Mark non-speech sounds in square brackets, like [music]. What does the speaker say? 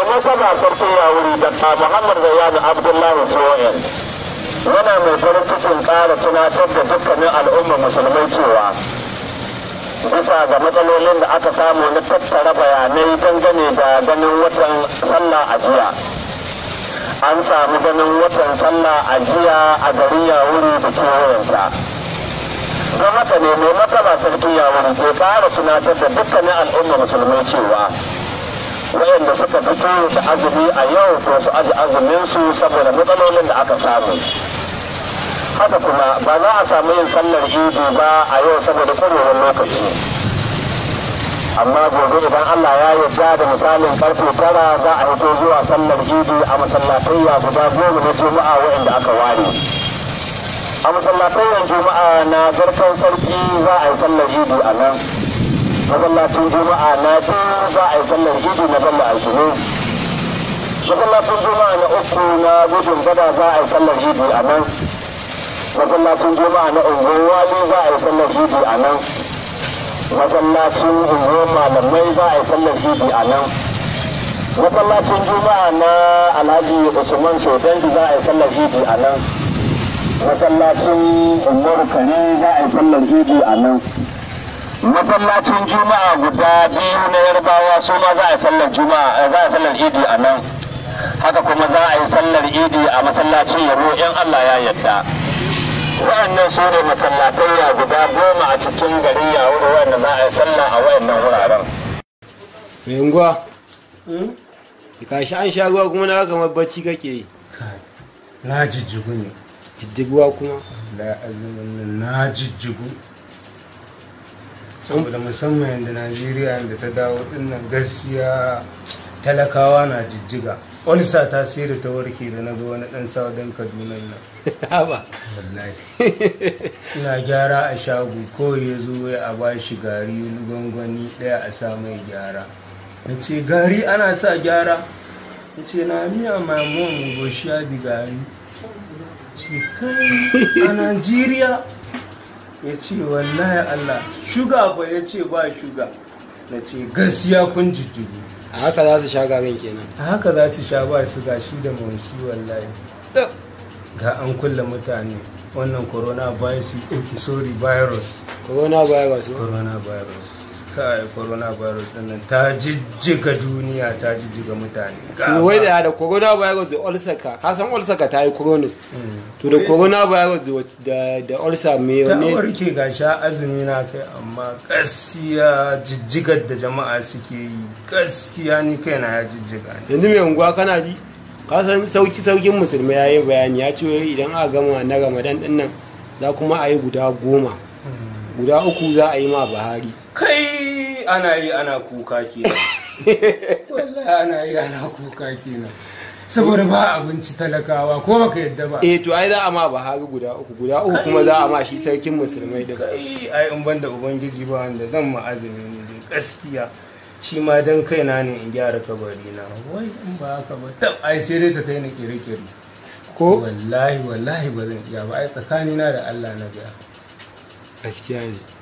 mai nasaba ya wuri da ta muhammad zayyadu abdullahi suwayen yana mai farin cikin ƙara tunatar da dukkanin al'ummar musulmai cewa bisa ga matsalolin da aka samu na tattara bayanai dangane da ganin watan sallah a jiya an samu ganin watan sallah a jiya a garin yawuri da kewayensa don haka ne mai matsala sarki yawuri ke ƙara tunatar da dukkanin al'ummar musulmai cewa wayanda suka fito da azumi a yau ko su aji azumin su saboda matsalolin da aka samu haka kuma ba za a samu yin sallar idi ba a yau saboda kowane lokaci amma gobe idan Allah ya yarda da misalin karfe tara za a hito zuwa sallar idi a masallatayya guda goma na juma'a wayanda aka ware a masallatayyan juma'a na garkan sarki za a yi sallar idi a nan masallacin juma'a na biyu za a yi sallar idi na sallar aljihu masallacin juma'a na uku na gudun gada za a yi sallar idi a nan masallacin juma'a na unguwar wali za a yi sallar idi a nan masallacin unguwar malamai za a yi sallar idi a nan masallacin juma'a na alhaji usman shodanji za a yi sallar idi a nan masallacin umar kare za a yi sallar idi a nan masallacin juma'a guda biyu na yarbawa su ma za a sallar juma'a eh, za a sallar idi a nan haka kuma za a yi sallar idi a masallacin yaro in allah ya yarda wa'annan su ne masallatai ya guda goma a cikin gari garin wuri wanda za a yi sallar a wa'annan wuraren renguwa hmm? ka shi an sha ruwa kuma na kamar bacci kake yi na jijjigu ne jijjiguwa kuma na jijjigu saboda musamman yadda najeriya da ta dawo dinnan gaskiya talakawa na jijjiga olsa ta sai da ta warke da na ga wani dan saudan kaduna nan [laughs] haba wallahi ina gyara a shago ko ya zo ya a bashi gari gwangwani daya a sa mai gyara na ce gari ana sa gyara ya ce na miya maimon goshiya di gari ce kai a najeriya ya ce wallahi Allah shuga ba ya ce ba shuga na ce gaskiya kun jijjigi a haka za su sha garin kenan a haka za su sha ba su gashi da mawushi wallahi ga an kulle mutane wannan coronavirus eh, sorry virus coronavirus eh? coronavirus kai virus din ta jijjiga duniya ta jijjiga mutane wai da da virus da ulcer ka ka san ulcer ka ta yi mm. to da corona virus da da ulcer me ne ta warke ga sha azumi na kai amma gaskiya jijjigar da jama'a suke yi gaskiya ni kai na ya jijjiga yanzu mai unguwa kana ji ka san sauki saukin musulmai yayi bayani ya ce idan aka gama na Ramadan din nan za kuma a yi guda goma mm. guda uku za a yi ma buhari kai ana yi ana kuka kenan [laughs] wallahi ana yi ana kuka kenan saboda ba abinci talakawa ko ba ka yadda ba eh to ai za a ma buhari guda uku guda uku kuma za a ma shi sarkin musulmai daga ai in banda ubangiji ba wanda zan ma azumi ne dai gaskiya shi ma dan kaina ne in gyara kabari na wai in ba haka ba tab ai sai dai ta kai ni kire-kire ko wallahi wallahi ba zan iya ba ai na da Allah na gaya. gaskiya ne